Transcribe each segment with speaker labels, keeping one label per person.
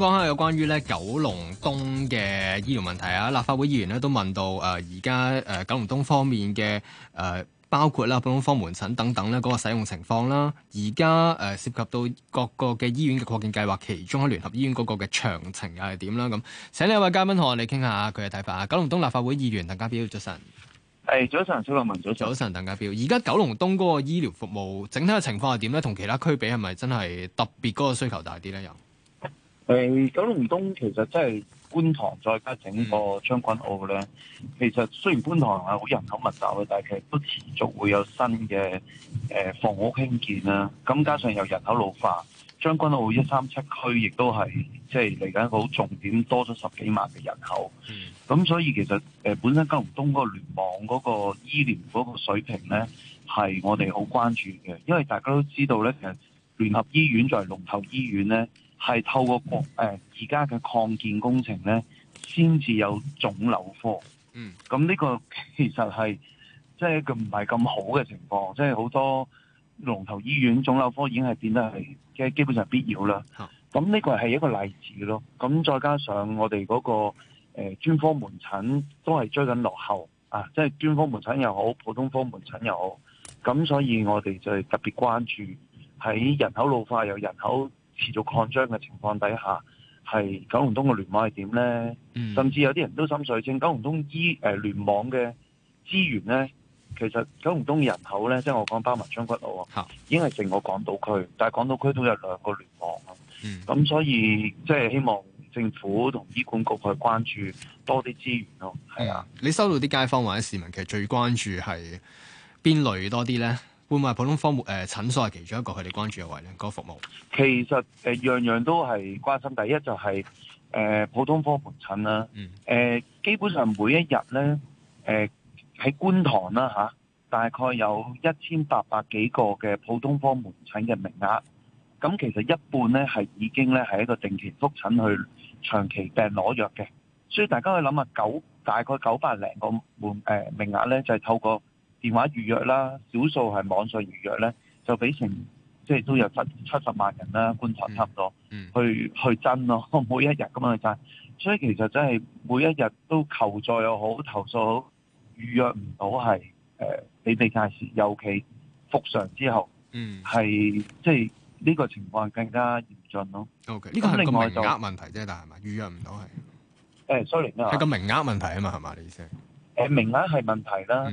Speaker 1: 講下有關於咧九龍東嘅醫療問題啊，立法會議員咧都問到誒，而家誒九龍東方面嘅誒，呃，包括啦，普通科門診等等咧，嗰，那個使用情況啦，而家誒涉及到各個嘅醫院嘅擴建計劃，其中喺聯合醫院嗰個嘅詳情又係點啦？咁，請呢一位嘉賓同我哋傾下佢嘅睇法啊。九龍東立法會議員鄧家彪，早晨。誒，早晨，小國文，早晨。早晨，鄧家彪。而家九龍東嗰個醫療服務整體嘅情況係點咧？同其他區比係咪真係特別嗰個需求大啲咧？又？誒、
Speaker 2: 呃，九龍東其實真係觀塘，再加整個將軍澳咧。其實雖然觀塘係好人口密集嘅，但係其實都持續會有新嘅誒、呃、房屋興建啦、啊。咁加上有人口老化，將軍澳一三七區亦都係即係嚟緊好重點，多咗十幾萬嘅人口。咁、嗯、所以其實誒、呃、本身九龍東嗰個聯網嗰個醫療嗰個水平咧，係我哋好關注嘅，因為大家都知道咧，其實聯合醫院就係龍頭醫院咧。係透過擴誒而家嘅擴建工程咧，先至有腫瘤科。嗯，咁呢個其實係即係一個唔係咁好嘅情況，即係好多龍頭醫院腫瘤科已經係變得係即係基本上必要啦。咁呢個係一個例子咯。咁再加上我哋嗰個誒專科門診都係追緊落後啊，即係專科門診又好，普通科門診又好。咁所以我哋就特別關注喺人口老化又人口。持續擴張嘅情況底下，係九龍東嘅聯網係點咧？甚至有啲人都心水清九龍東醫誒、呃、聯網嘅資源咧，其實九龍東人口咧，即係我講包埋將軍澳啊，已經係成個港島區。但係港島區都有兩個聯網啊。咁、嗯、所以即係、就是、希望政府同醫管局去關注多啲資源咯。係、嗯、啊，
Speaker 1: 你收到啲街坊或者市民其實最關注係邊類多啲咧？會唔會係普通科門誒、呃、診所係其中一個佢哋關注嘅衞生嗰個服務？
Speaker 2: 其實誒樣、呃、樣都係關心。第一就係、是、誒、呃、普通科門診啦。誒、嗯呃、基本上每一日咧，誒、呃、喺觀塘啦嚇、啊，大概有一千八百幾個嘅普通科門診嘅名額。咁其實一半咧係已經咧係一個定期覆診去長期病攞藥嘅。所以大家可以諗下，九大概九百零個門誒、呃、名額咧就係、是、透過。電話預約啦，少數係網上預約咧，就俾成即係都有七七十萬人啦，觀察差唔多，嗯，去去爭咯，每一日咁樣去爭，所以其實真係每一日都求助又好，投訴好預約唔到係誒比比皆是，尤其復常之後，嗯，係
Speaker 1: 即係呢個情況更加嚴峻咯。O K，呢個係個名額問題啫，但係嘛預約唔到係誒，sorry 啊，係個名額問題啊嘛，係嘛？你意思係誒名額係問題啦。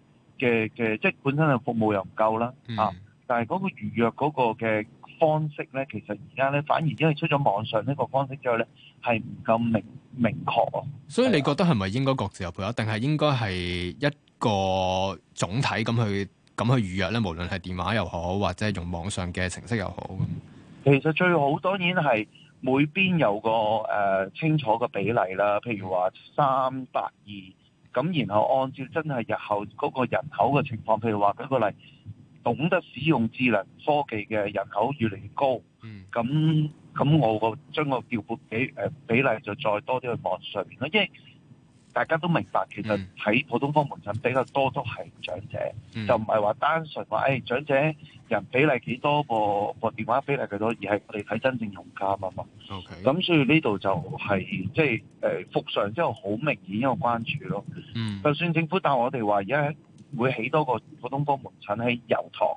Speaker 2: 嘅嘅，即係本身嘅服務又唔夠啦，啊、嗯！但係嗰個預約嗰個嘅方式咧，其實而家咧反而因為出咗網上呢個方式之後咧，係唔咁明明確。
Speaker 1: 所以你覺得係咪應該各自有配合，定係應該係一個總體咁去咁去預約咧？無論係電話又好，或者係用網上嘅程式又好。其實最好當然係每邊有個
Speaker 2: 誒、呃、清楚嘅比例啦，譬如話三百二。咁然後按照真係日後嗰個人口嘅情況，譬如話舉個例，懂得使用智能科技嘅人口越嚟越高，咁、嗯、咁我將個將個調撥比、呃、比例就再多啲去網上面咯，因為大家都明白，其實喺普通科門診、嗯、比較多都係長者，嗯、就唔係話單純話誒長者人比例幾多，個個電話比例幾多，而係我哋睇真正用家嘛嘛。咁、okay. 所以呢度就係即係誒復常之後好明顯一個關注咯。嗯、就算政府答我哋話而家會起多個普通科門診喺油塘，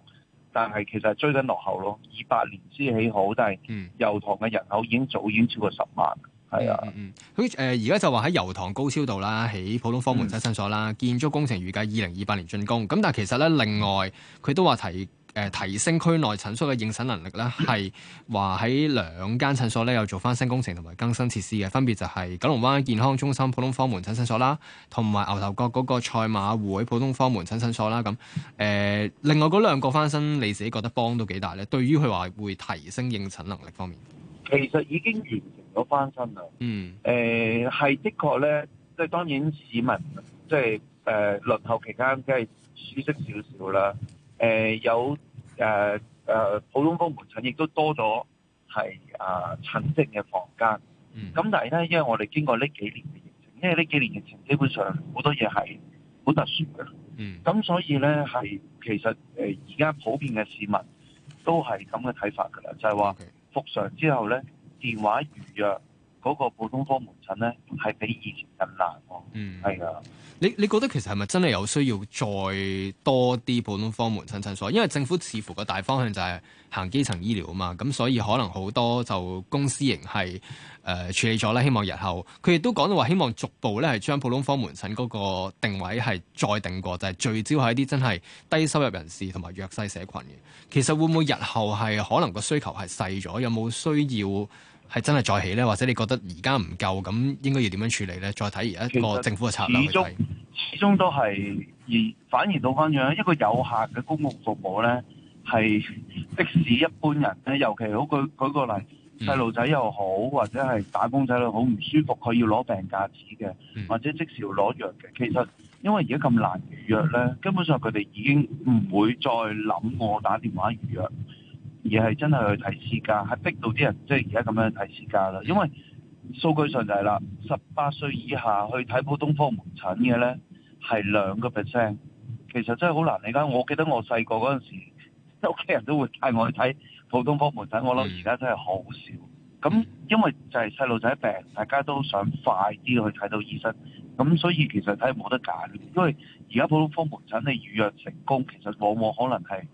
Speaker 2: 但係其實係追緊落後咯。二八年先起好，但係油塘嘅人口已經早已經超過十
Speaker 1: 萬。係、嗯、啊，嗯嗯，佢誒而家就話喺油塘高超道啦，喺普通科門診診所啦、嗯，建築工程預計二零二八年竣工。咁但係其實咧，另外佢都話提誒、呃、提升區內診所嘅應診能力咧，係話喺兩間診所咧有做翻新工程同埋更新設施嘅，分別就係九龍灣健康中心普通科門診診所啦，同埋牛頭角嗰個賽馬會普通科門診診所啦。咁誒、呃，另外嗰兩個翻新，你自己覺得幫到幾大咧？對於佢話會提升應診能力方面，其實已經攞翻新啦，誒、嗯、係、嗯、的確咧，即係當然市民即係
Speaker 2: 誒輪候期間梗係舒適少少啦，誒、呃、有誒誒、呃呃、普通科門診亦都多咗係啊診症嘅房間，咁、嗯、但係咧，因為我哋經過呢幾年嘅疫情，因為呢幾年疫情基本上好多嘢係好特殊嘅，咁、嗯嗯、所以咧係其實誒而家普遍嘅市民都係咁嘅睇法㗎啦，就係話復常之後咧。電話預約嗰個普通科門
Speaker 1: 診呢，係比以前更難喎。嗯，係啊。你你覺得其實係咪真係有需要再多啲普通科門診診所？因為政府似乎個大方向就係行基層醫療啊嘛。咁所以可能好多就公私營係誒處理咗啦。希望日後佢亦都講到話，希望逐步呢係將普通科門診嗰個定位係再定過，就係聚焦喺一啲真係低收入人士同埋弱勢社群嘅。其實會唔會日後係可能個需求係細咗？有冇需要？係真係再起呢？或者你覺得而家唔夠，咁應該要點樣處理呢？再睇而家個政府嘅策略其實始終。始終始終都係而反而到翻樣一個有限嘅公共服務呢，係
Speaker 2: 的士一般人呢，尤其好舉舉個例，細路仔又好，或者係打工仔又好，唔舒服，佢要攞病假紙嘅、嗯，或者即時要攞藥嘅。其實因為而家咁難預約呢，根本上佢哋已經唔會再諗我打電話預約。而係真係去睇私家，係逼到啲人即係而家咁樣睇私家啦。因為數據上就係啦，十八歲以下去睇普通科門診嘅咧，係兩個 percent。其實真係好難理解。我記得我細個嗰陣時，屋企人都會帶我去睇普通科門診，我諗而家真係好少。咁因為就係細路仔病，大家都想快啲去睇到醫生。咁所以其實睇冇得揀，因為而家普通科門診你預約成功，其實往往可能係。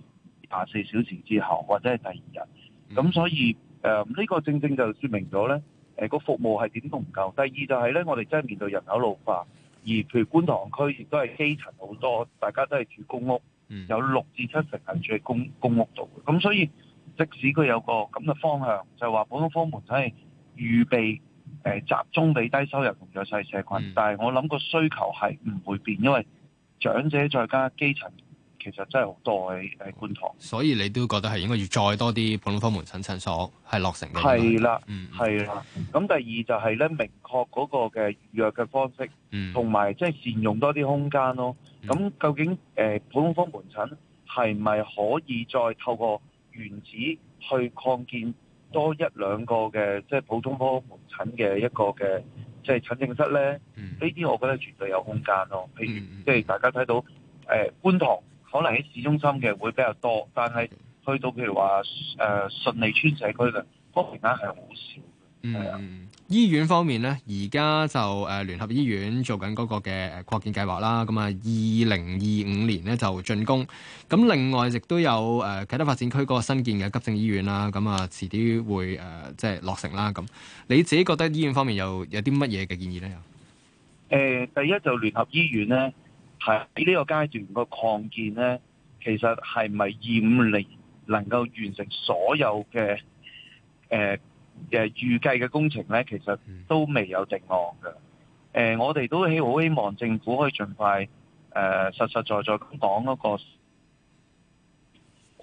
Speaker 2: 廿四小時之後或者係第二日，咁、嗯、所以誒呢、呃呢個正正就説明咗呢誒個服務係點都唔夠。第二就係呢，我哋真係面對人口老化，而譬如觀塘區亦都係基層好多，大家都係住公屋、嗯，有六至七成係住喺公公屋度嘅。咁、嗯、所以即使佢有個咁嘅方向，就係話普通科門係預備誒、呃、集中俾低收入同弱勢社群。嗯、但係我諗個需求係唔會變，因為長者再加基層。其實真係好多喺喺觀塘，
Speaker 1: 所以你都覺得係應該要再多啲普通科門診診所係落成嘅。係啦，嗯，係、嗯、啦。
Speaker 2: 咁第二就係咧，明確嗰個嘅預約嘅方式，嗯，同埋即係善用多啲空間咯。咁、嗯、究竟誒、呃、普通科門診係咪可以再透過原址去擴建多一兩個嘅即係普通科門診嘅一個嘅即係診症室咧？呢、嗯、啲我覺得絕對有空間咯。譬如即係、嗯嗯、大家睇到誒、呃、觀塘。可能喺市中心嘅會比較多，但係去到譬如話誒順利邨社區嘅，嗰啲人係好
Speaker 1: 少嘅。嗯，醫院方面咧，而家就誒、呃、聯合醫院做緊嗰個嘅擴建計劃啦。咁啊，二零二五年咧就竣工。咁另外亦都有誒啟德發展區嗰個新建嘅急症醫院啦。咁啊，遲啲會誒即係落成啦。咁你自己覺得醫院方面又有啲乜嘢嘅建議咧？誒、
Speaker 2: 呃，第一就是聯合醫院咧。喺呢個階段個擴建咧，其實係咪二五年能夠完成所有嘅誒嘅預計嘅工程咧？其實都未有定案㗎。誒、呃，我哋都好希望政府可以盡快誒、呃、實實在在咁講嗰個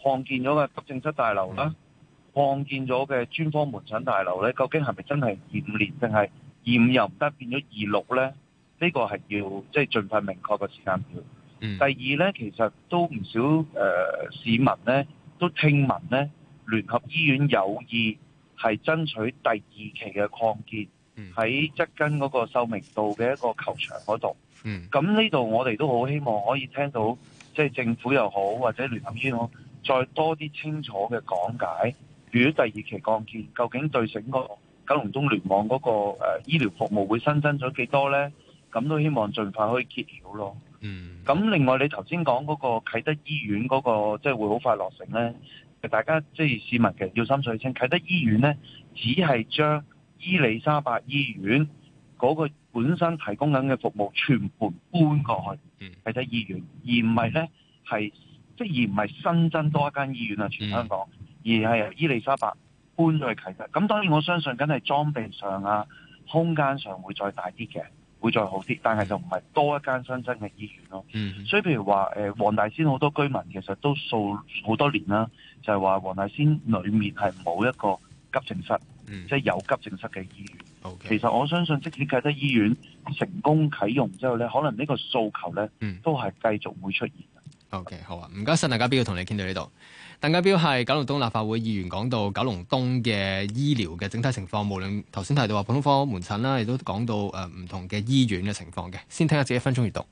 Speaker 2: 擴建咗嘅急症室大樓啦，擴建咗嘅專科門診大樓咧，究竟係咪真係二五年，定係二五又唔得變咗二六咧？呢、這個係要即係盡快明確個時間表，嗯。第二咧，其實都唔少誒、呃、市民咧都聽聞咧，聯合醫院有意係爭取第二期嘅擴建，喺側根嗰個秀明道嘅一個球場嗰度。咁呢度我哋都好希望可以聽到，即、就、係、是、政府又好或者聯合醫院好再多啲清楚嘅講解。如果第二期擴建，究竟對整個九龍東聯網嗰、那個、呃、醫療服務會新增咗幾多咧？咁都希望盡快可以揭曉咯。嗯。咁另外，你頭先講嗰個啟德醫院嗰、那個，即、就、係、是、會好快落成咧。大家即係、就是、市民嘅要心水清。啟德醫院咧，只係將伊麗莎白醫院嗰個本身提供緊嘅服務全部搬過去、嗯、啟德醫院，而唔係咧係即係而唔係新增多一間醫院啊，全香港，嗯、而係由伊麗莎白搬咗去啟德。咁當然我相信，梗係裝備上啊，空間上會再大啲嘅。會再好啲，但係就唔係多一間新增嘅醫院咯、嗯。所以譬如話，誒、呃、黃大仙好多居民其實都數好多年啦，就係話黃大仙裏面係冇一個急症室，嗯、即係有急症室嘅醫院。
Speaker 1: Okay. 其實我相信，即使啟德醫院成功啟用之後呢，可能呢個訴求呢都係繼續會出現。O.K. 好啊，唔該晒，大家，家彪同你傾到呢度。鄧家彪係九龍東立法會議員，講到九龍東嘅醫療嘅整體情況，無論頭先提到話普通科門診啦，亦都講到誒唔、呃、同嘅醫院嘅情況嘅。先聽一下自己一分鐘閱讀。